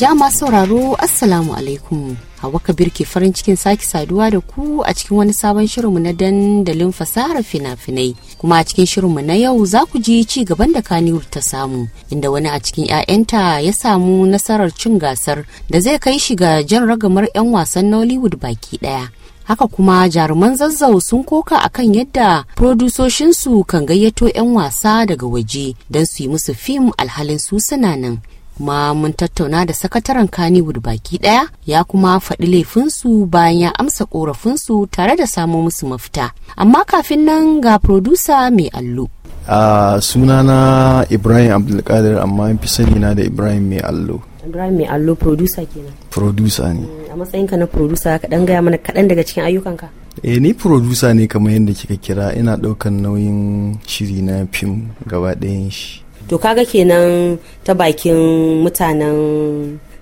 Ja masu sauraro Assalamu alaikum. Hawa Kabir ke farin cikin sake saduwa da ku a cikin wani sabon shirinmu na dandalin fasahar fina-finai. Kuma a cikin shirinmu na yau za ku ji ci gaban da Kaniyur ta samu, inda wani a cikin 'ya'yanta ya samu nasarar cin gasar da zai kai shi ga jan ragamar 'yan wasan Nollywood baki ɗaya. haka kuma jaruman zazzau sun koka akan yadda produsoshinsu kan gayyato 'yan wasa daga waje don su yi musu fim alhalin su suna nan kuma mun tattauna da sakataren kaniwood baki daya ya kuma faɗi laifinsu bayan ya amsa korafinsu tare da samo musu mafita. Amma kafin nan ga produsa mai allo. suna sunana Ibrahim Abdulkadir amma fi sani na da Ibrahim mai allo. Ibrahim mai allo producer kenan. Producer ne. a mm, a matsayinka na producer ka dan gaya mana kaɗan daga cikin ayyukanka. E ni producer ne kamar yadda kika kira ina ɗaukan nauyin shiri na fim gaba ɗayan shi. to kaga kenan ta bakin mutanen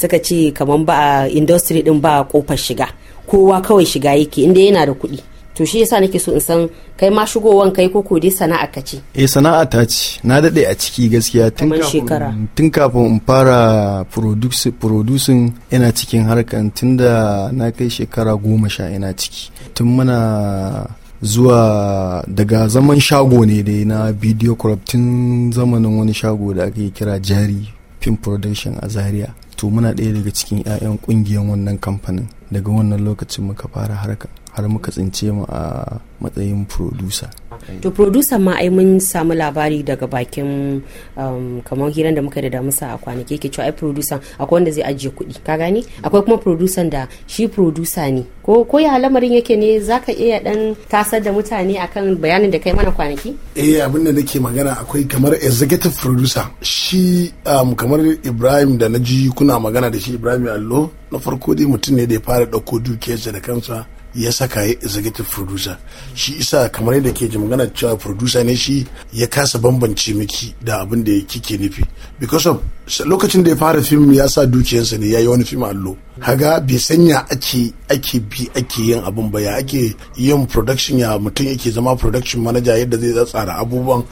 suka ce kamar ba industry din ba kofar shiga kowa kawai shiga yake inda yana da kuɗi to shi yasa nake so in san kai ma shigowan kai ko dai sana'a ka ce eh sana'a ta ce na dade a ciki gaskiya tun kafin tun kafin in fara producing ina cikin harkan da na kai shekara goma sha ina ciki tun muna zuwa daga zaman shago ne dai na video tun zamanin wani shago da ake kira jari film production a zaria to muna ɗaya daga cikin 'ya'yan ƙungiyar wannan kamfanin daga wannan lokacin muka fara harka har muka tsince mu a matsayin producer Mm. to producer ma ai mun samu labari daga bakin um, kamar hiran da muka da damisa a kwanaki ke cewa ai producer akwai wanda zai ajiye kuɗi ka gani akwai kuma producer da shi producer ne ko ko ya lamarin yake ne zaka iya dan tasar da mutane akan bayanin da kai mana kwanaki eh abin da nake magana akwai kamar executive producer shi um, kamar Ibrahim da naji kuna magana da shi Ibrahim Allo na farko dai mutum ne da ya fara dauko dukiyarsa da kansa ya saka ya executive producer shi isa kamar yadda ke ji magana cewa producer ne shi ya kasa bambance miki da abin da kike nufi because of lokacin da ya fara fim ya sa dukiyarsa ne ya yi wani fim allo haga bai sanya ake ake bi ake yin abin ba ya ake yin production ya mutum yake zama production manager yadda zai tsara abubuwan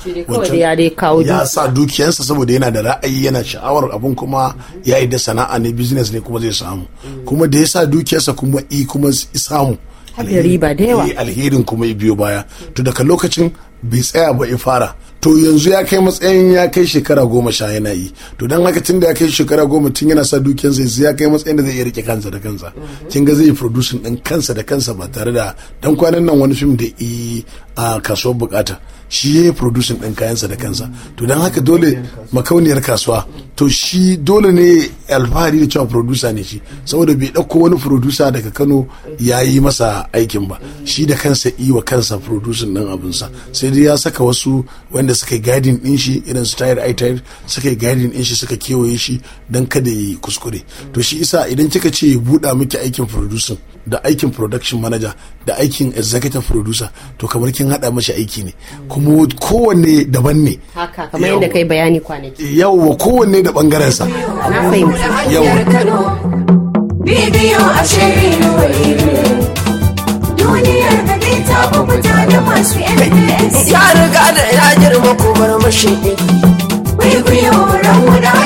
ya sa dukiyarsa saboda yana da ra'ayi yana sha'awar abin kuma ya yi da sana'a ne business ne kuma zai samu kuma da ya sa dukiyarsa kuma i kuma samu riba da eh, alherin kuma ya biyo baya to daga lokacin bai tsaya ba ya fara to yanzu ya kai matsayin ya kai shekara goma sha yana yi to don haka tun da ya kai shekara goma tun yana sa dukiyan zai ya kai matsayin da zai iya rike kansa da kansa mhm. kin ga zai producing din kansa da kansa ba tare da dan kwanan nan wani fim da i a kasuwar bukata shi ya yi producing ɗin kayansa da kansa to don haka dole makauniyar kasuwa to shi dole ne alfahari da cewa producer ne shi saboda bai ɗauko wani producer daga kano ya yi masa aikin ba shi da kansa yi wa kansa producing ɗin abinsa sai dai ya saka wasu wanda suka yi gadin ɗin shi irin su tayar ai tayar suka yi gadin ɗin shi suka kewaye shi don kada ya yi kuskure to shi isa idan kika ce ya buɗa miki aikin producing da aikin production manager da aikin executive producer to kamar kin hada mashi aiki ne kuma kowanne daban ne haka kamar yadda kai bayani kwanaki yawa kowanne da bangaren sa yawa fahimci a bidiyo ashirin wa duniyar da dai ta bubuta da masu MPS ya riga da ya girma kuma mashi ne kwaikwayo ran wani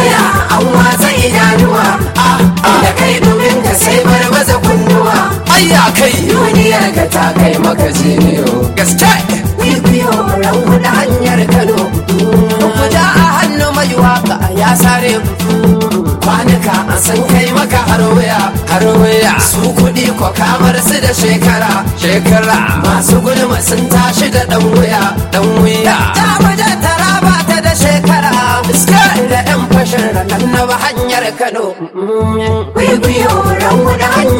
an watsa idanuwa ah, ah. da kai domin ka sai barbaza kunnuwa ya kai duniyar ka ta kai maka ziniyo gaske wiwiyo ran hanyar kano kuda a hannu mai waka ya sare kwanuka a san kai maka harwaya harwaya su kuɗi ko kamar su da shekara shekara masu gulma sun tashi da ɗan wuya ɗan wuya ta jihar Kano. Kwikwiyo ran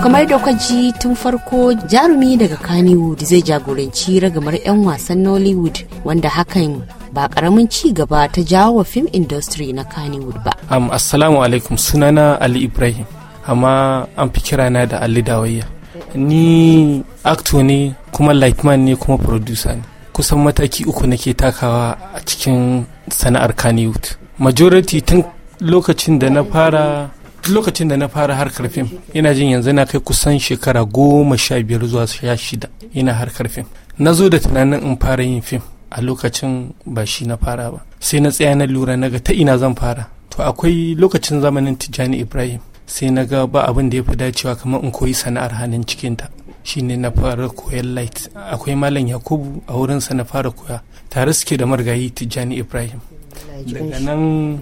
kamar da kuka tun farko jarumi daga Kannywood zai jagoranci ragamar 'yan wasan Nollywood wanda hakan ba karamin ci gaba ta jawo wa film industry na Kannywood ba. Um, assalamu alaikum sunana Ali Ibrahim amma an fi kirana da Ali Dawayya. Ni acto ne kuma lightman ne kuma producer ne. Kusan mataki uku nake takawa a cikin sana'ar Kannywood. Majority tun lokacin da na fara lokacin da na fara harkar fim ina jin yanzu na kai kusan shekara goma sha biyar zuwa sha shida ina harkar fim na zo da tunanin in fara yin fim a lokacin ba shi na fara ba sai na tsaya na lura na ga ta ina zan fara to akwai lokacin zamanin tijjani ibrahim sai na ga ba abin da ya fi dacewa kamar in koyi sana'ar hannun cikinta shine na fara koyan light akwai malam yakubu a wurinsa na fara koya tare suke da margayi tijjani ibrahim daga nan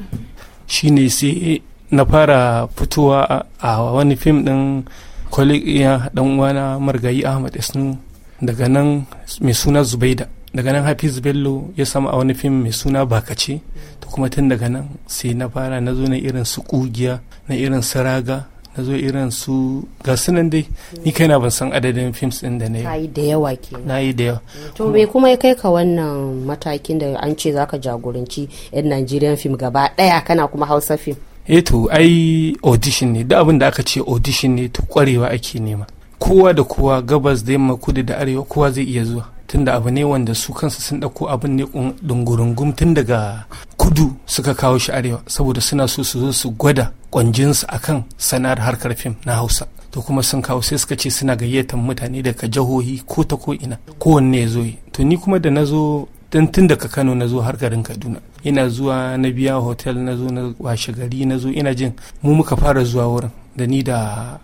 shine sai na fara fitowa a wani fim ɗin kwaliya ɗan uwana margayi ahmad isnu daga nan mai suna zubaida daga nan hafiz bello ya samu a wani fim mai suna bakace to kuma tun daga nan sai na fara na zo na irin su kugiya na irin su na zo irin su ga nan dai ni kaina ban san adadin films din da na yi da yawa ke na yi da yawa to me kuma ya kai ka wannan matakin da an ce zaka jagoranci yan Nigerian fim gaba daya kana kuma Hausa fim. eh to ai audition ne duk abin da aka ce audition ne to kwarewa ake nema kowa da kowa gabas da yamma kudu da arewa kowa zai iya zuwa tunda abu ne wanda su kansu sun ɗauko abin ne dungurungum tun daga kudu suka kawo shi arewa saboda suna so su zo su gwada kwanjinsu akan sana'ar harkar fim na hausa to kuma sun kawo sai suka ce suna gayyatar mutane daga jihohi ko ta ko ina kowanne ya zo yi to ni kuma da na zo tun daga kano na zo har garin kaduna ina zuwa na biya hotel na zo na washe gari na zo ina jin mu muka fara zuwa wurin da ni da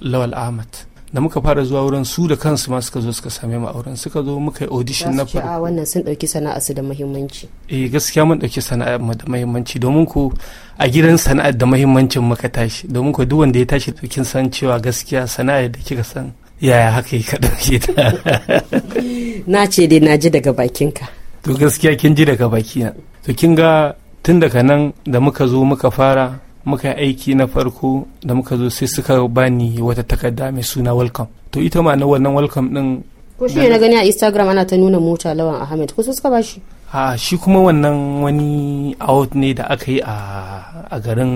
lawal ahmad da muka fara zuwa wurin su da kansu ma suka zo suka same mu auren suka zo muka yi audition na ah, farko Gaskiya wannan sun dauki sana'a su da muhimmanci eh gaskiya mun dauki sana'a da muhimmanci domin ko a gidan sana'ar da muhimmancin muka tashi domin ko duk wanda ya tashi kin san cewa gaskiya sana'a da kika san yaya haka yi ka dauke ta na ce dai na ji daga bakinka to gaskiya kin ji daga baki to kin ga tun daga nan da muka zo muka fara muka aiki na farko da muka zo sai suka bani wata takarda mai suna welcome to ita ma na wannan welcome din ko shi na gani a instagram ana ta nuna mota lawan ahmed ko suka ba shi a shi kuma wannan wani out ne da aka yi a garin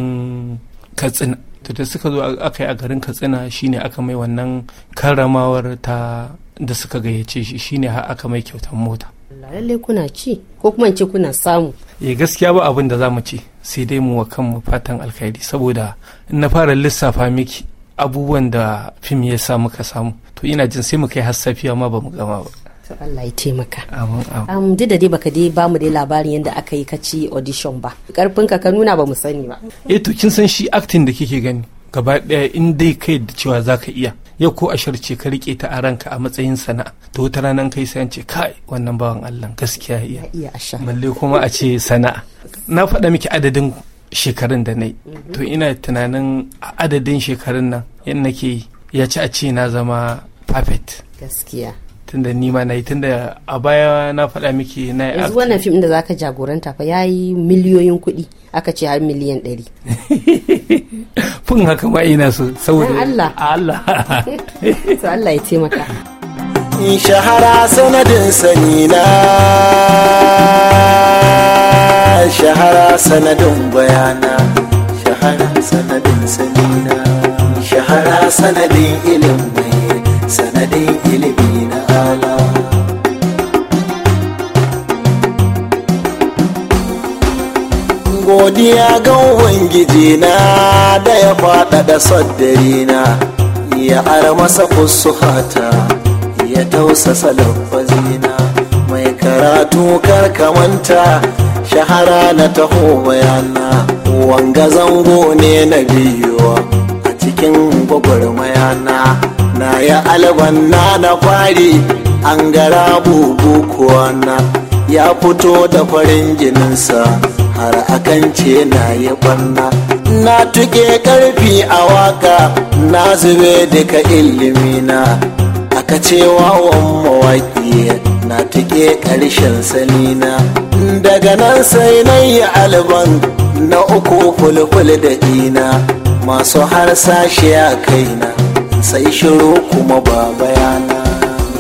katsina to da suka zo aka yi a garin katsina shine aka mai wannan karramawar ta da suka gayyace shi shine har aka mai kyautar mota lalle kuna ci ko kuma in ce kuna samu e gaskiya ba abin da za mu ci sai dai mu wa kanmu fatan alkhairi saboda in na fara lissafa miki abubuwan da fim ya sa muka samu to ina jin sai mu kai har ma ba mu gama ba to Allah ya taimaka am duk da dai baka dai ba mu dai labarin yadda aka yi kaci audition ba karfin ka ka nuna ba mu sani ba eh to kin san shi acting da kike gani gaba ɗaya in dai kai da cewa za ka iya yau ko a ce ka rike ta a ranka a matsayin sana'a to wata ranar kai sai ce kai wannan bawan Allah gaskiya iya balle kuma a ce sana'a na faɗa miki adadin shekarun da nai mhm. to ina tunanin a adadin shekarun nan yadda nake ya ci a ce na zama perfect tunda ni ma nayi tunda a baya na faɗa miki na yanzu wannan fim da zaka jagoranta fa yayi miliyoyin kuɗi aka ce har miliyan ɗari fun haka ma ina so saboda Allah Allah to Allah ya taimaka in shahara sanadin sani na shahara sanadin bayana shahara sanadin sani na shahara sanadin ilimi sanadin ilimi godiya ga ubangiji na da ya faɗaɗa saddari na ya ara masa fusuhata ya tausasa lafazina mai karatu karkamanta shahara na taho bayana wanga zango ne na biyu a cikin gwagwarmayana na ya alban na na fari an gara bubu kuwa ya fito da farin jininsa har akan ce na yi banna na tuke karfi a waka na zube duka ilimina aka ce wawan mawaki na tuke ƙarshen sanina daga nan sai na yi alban na uku fulful da ina, masu harsashe a kaina sai shiro kuma ba bayana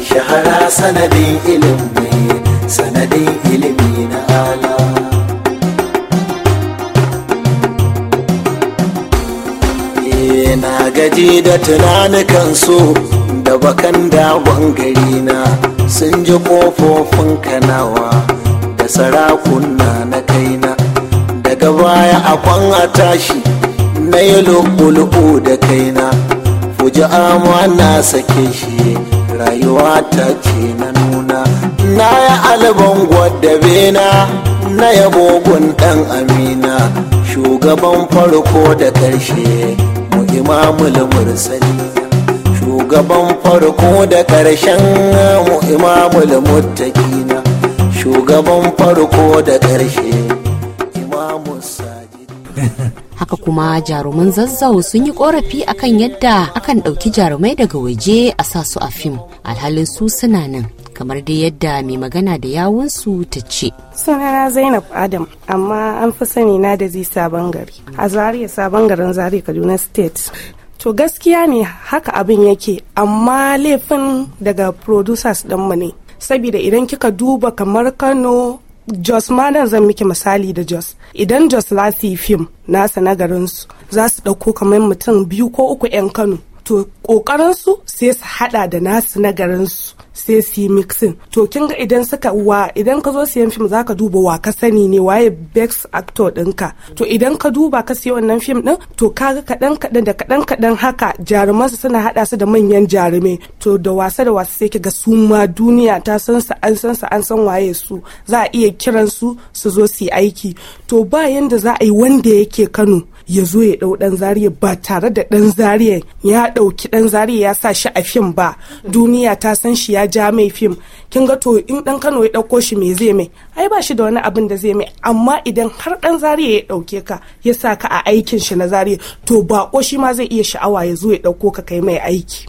shahara sanadin ilimi sanadin ilimi na ala eh, na gaji da tunanukan so da bakan dagon gari na sun ji kofofin kanawa da sarakuna na kaina daga baya akwan a tashi na yi da kaina guji amana sake shi rayuwa ta ce na nuna na ya alban gwadabe na na yabo dan amina shugaban farko da karshe mu imamul mursali shugaban farko da karshen mu imamul muttaqina shugaban farko da karshe haka kuma jaruman zazzau sun yi korafi akan yadda akan ɗauki jarumai daga waje a sa su a fim alhalin su suna nan kamar dai yadda mai magana da yawunsu ta ce. sunana zainab adam amma an fi sani na da zai sabon gari a zariya sabon garin zariya kaduna state to gaskiya ne haka abin yake amma laifin daga producers ɗinmu ne saboda idan kika duba kamar kano Jos ma nan zan miki misali da Jos. Idan Jos za fim nasa na garinsu za su ɗauko kamar mutum biyu ko uku 'yan Kano to sai su haɗa da nasu na garinsu sai su yi mixing to kin ga idan suka wa idan ka zo siyan fim zaka duba wa ka sani ne waye best actor dinka to idan ka duba ka siya wannan fim din to kaga kaɗan kaɗan da kaɗan kaɗan haka jaruman su suna haɗa su da manyan jarumai to da wasa da wasa sai ga su ma duniya ta san su an san su an san waye su za a iya kiran su su zo su yi aiki to ba yanda za a yi wanda yake Kano ya zo ya ɗau ɗan zariya ba tare da ɗan zariya ya ɗauki ɗan zariya ya sa shi a fim ba duniya ta san shi ya ja mai fim kin ga to in ɗan kano ya ɗauko shi me zai mai ai ba shi da wani abin da zai mai amma idan har ɗan zariya ya ɗauke ka ya sa ka a aikin shi na zariya to ba ko shi ma zai iya sha'awa ya zo ya ɗauko ka kai mai aiki.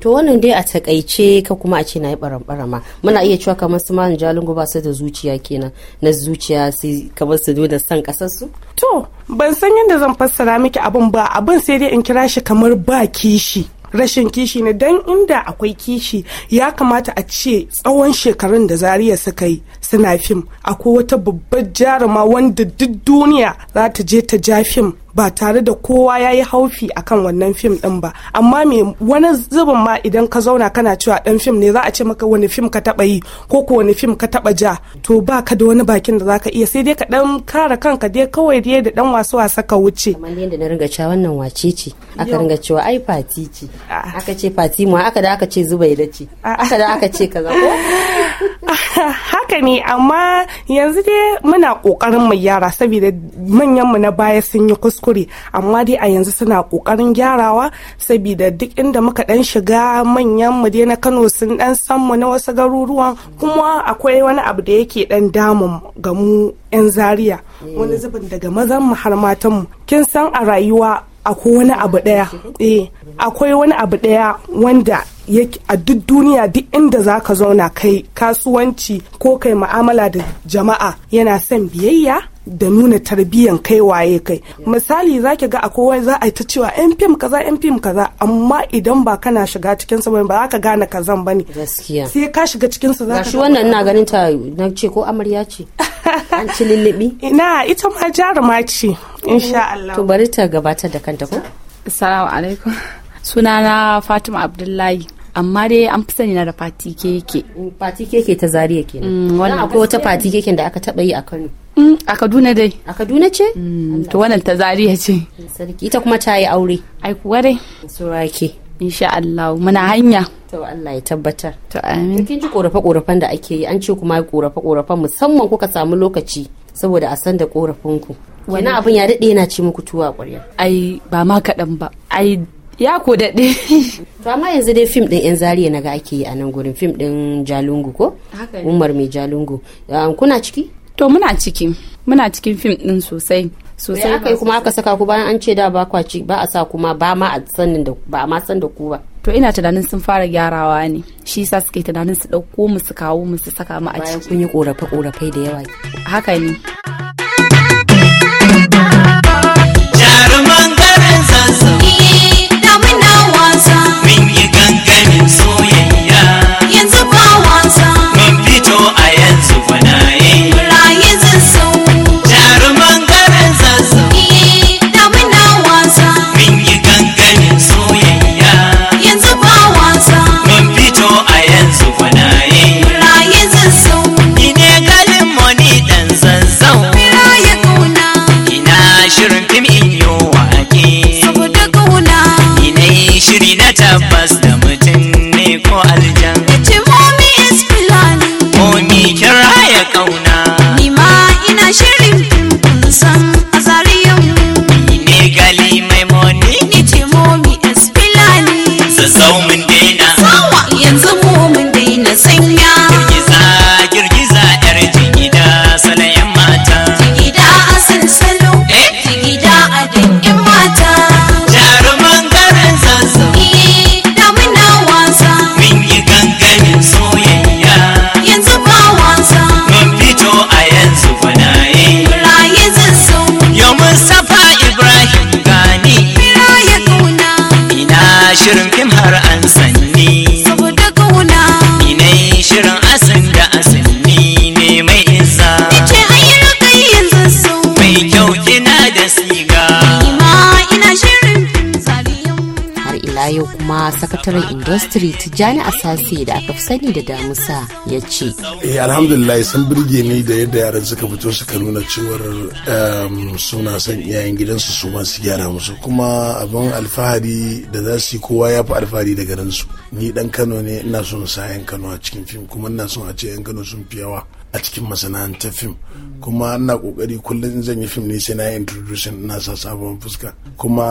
to wannan dai a takaice ka kuma a ce na yi ɓaran muna iya cewa kamar su ma jalingo ba su da zuciya kenan na zuciya sai kamar su da san ƙasarsu. To, ban san yadda zan fassara miki abin ba, abin sai dai in kira shi kamar ba kishi. rashin kishi ne don inda akwai kishi ya kamata a ce tsawon shekarun da zariya suka yi suna fim akwai wata babbar jaruma wanda duk duniya za ta je ta ja fim ba tare da kowa ya yi haufi a kan wannan fim din ba amma me wani zubin ma idan ka zauna kana cewa dan fim ne za a ce maka wani fim ka taɓa yi ko ko wani fim ka taɓa ja to ba ka da wani bakin da zaka iya sai dai ka ɗan kare kanka dai kawai dai da ɗan wasu wasa ka wuce kamar yadda na ringa cewa wannan wace ce aka ringa cewa ai fati ce ah. aka ce fati mu aka da aka ce zubai da ce ah. aka da aka ce kaza ko haka ne amma yanzu dai muna kokarin mu gyara saboda manyan mu na baya sun yi kuskure amma dai a yanzu suna kokarin gyarawa saboda duk inda muka dan shiga manyan mu dai na Kano sun dan san mu na wasu garuruwan kuma akwai wani abu da yake dan damun ga mu yan zaria wani zubin daga mazan mu har matan mu kin san a rayuwa akwai wani abu daya eh, akwai wani abu daya wanda a duk duniya duk inda za ka zauna kai kasuwanci ko kai ma'amala da jama'a yana son biyayya da nuna tarbiyyan kai waye kai misali za ki ga akwai za a yi ta cewa yan fim kaza yan fim kaza amma idan ba kana shiga cikin sa ba za ka gane kazan bane gaskiya sai ka shiga cikin sa za ka shi wannan ina ganin ta na ce ko amarya ce an ci lullubi ina ita ma jaruma ce insha Allah to bari ta gabatar da kanta ko assalamu alaikum sunana Fatima Abdullahi amma dai an fi sani na da fati keke mm, fati keke ta zariya ke mm, wannan akwai wata fati keken da aka taba yi a Kano mm, a Kaduna dai a Kaduna ce to wannan ta zariya ce sarki ita kuma ta yi aure ai kuwa dai surake insha Allah muna hanya to Allah ya tabbatar to amin kin ji korafe korafen da ake yi an ce kuma korafe korafen musamman kuka samu lokaci saboda a san da korafin ku wani abin ya daɗe yana ci muku tuwa ƙwarya ai ba ma kaɗan ba ai ya ko daɗe to amma yanzu dai fim ɗin yan zariya na ga ake yi a nan gurin fim ɗin jalungu ko umar mai jalungu kuna ciki to muna ciki muna cikin fim ɗin sosai sosai aka kuma aka saka ku bayan an ce da ba kwa ci ba a sa kuma ba ma a sanin da ba a ma san da ku ba to ina tunanin sun fara gyarawa ne shi yasa suke tunanin su ɗauko mu su kawo mu su saka mu a ciki bayan kun yi ƙorafe-ƙorafe da yawa haka ne Yeah. Street Jani asase da aka sani da damusa ya ce eh alhamdulillah sun birge ni da yadda yaran suka fito suka nuna cewar um, suna son iyayen gidansu su ma su gyara musu kuma abin alfahari da za su yi kowa ya fi alfahari da su. ni dan kano ne ina son sa yan kano a cikin fim kuma ina son a ce yan kano sun fi yawa a cikin masana'antar fim kuma ina kokari kullum in zan yi fim ne sai na introducing ina sa sabon fuska kuma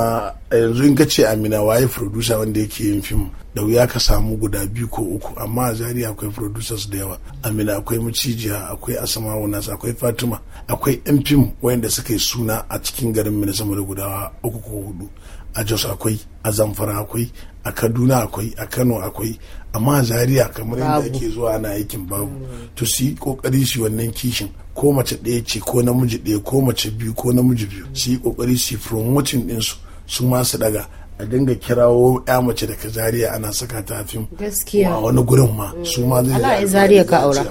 yanzu in ka ce amina waye producer wanda yake yin fim da wuya ka samu guda biyu ko uku amma a zaria akwai producers da yawa amina akwai macijiya akwai asamawu nasa akwai fatima akwai yan fim wayanda suka yi suna a cikin garin mina sama da guda uku ko hudu a jos akwai a zamfara akwai a kaduna akwai a kano akwai amma a zaria kamar yadda ake zuwa ana aikin babu to su yi kokari su wannan kishin ko mace ɗaya ce ko namiji ɗaya ko mace biyu ko namiji biyu su yi kokari su yi promoting ɗinsu su ma su daga a dinga kirawo ya mace daga Zariya ana saka ta fim gaskiya wani gurin ma mm. su ma zai ala Zariya ka aura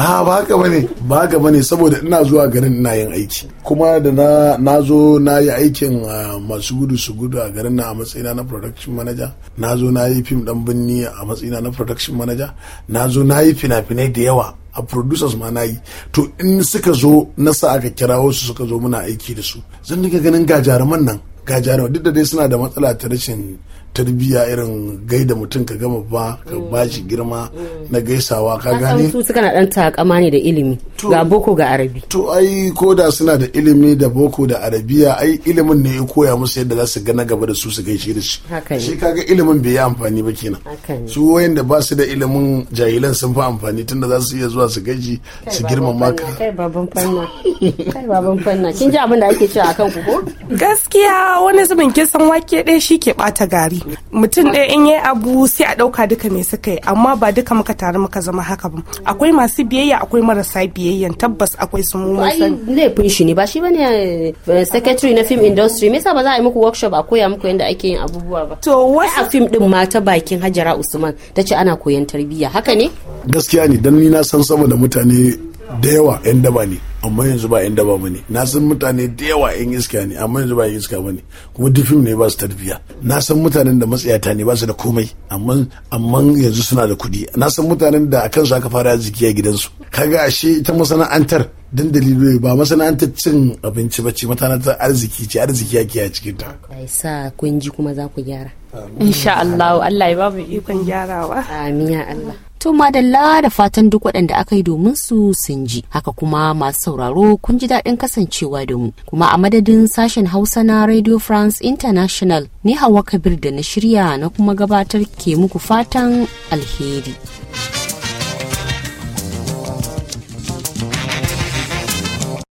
Ha ba haka bane ba haka bane saboda ina zuwa garin ina yin aiki kuma da na na zo na yi aikin masu gudu su gudu a garin na a matsayina na production manager na zo na yi fim dan binni a matsayina na production manager na zo na yi fina-finai da yawa a producers ma na yi to in suka zo na sa aka kirawo su suka zo muna aiki da su zan dinga ganin ga jaruman nan gajanawa duk da dai suna da matsala ta rashin Tarbiya irin gaida mutum ka gama ba ka mm. ba shi girma mm. na gaisawa ka gane su suka na dan takama ne da ilimi ga boko ga arabi to ai ko da suna da ilimi da boko da arabiya ai ilimin ne ya koya musu yadda za su gana gaba da su su gaishe da shi shi kaga ilimin bai yi amfani ba kenan su da ba su da ilimin jahilan sun fi amfani tunda za su iya zuwa su gaji su ma ka kai baban fanna kai baban fanna kin ji abin da ake cewa akan ku ko gaskiya wani zubin kisan wake ɗaya shi ke bata gari mutum ɗaya in yayi abu sai a ɗauka duka mai suka yi amma ba duka muka taru muka zama haka ba akwai masu biyayya akwai marasa biyayyan tabbas akwai su mu mun laifin shi ne ba shi bane eh, secretary na film industry me yasa ba za a yi muku workshop a koya muku yadda ake yin abubuwa ba to wasu a film din ma ta bakin Hajara Usman tace ana koyan tarbiyya haka ne gaskiya ne dan ni na san sama da mutane da yawa 'yan daba ne amma yanzu ba 'yan daba ba ne na san mutane da yawa 'yan iska ne amma yanzu ba 'yan iska ba ne kuma duk fim ne ba su tarbiya na san mutanen da matsayata ne ba su da komai amma amma yanzu suna da kuɗi na san mutanen da a kansu aka fara ziki a gidansu kaga ashe ita masana'antar dan dalilai ba masana'antar cin abinci ba ce matanatar arziki ce arziki ke a cikin ta bai sa kun ji kuma za ku gyara insha Allah Allah ya ba mu ikon gyarawa amin Allah To madalla da fatan duk waɗanda aka yi domin su sun ji. Haka kuma masu sauraro kun ji daɗin kasancewa da mu. Kuma a madadin sashen Hausa na Radio France International ne Hawa Kabir da na shirya na kuma gabatar ke muku fatan alheri.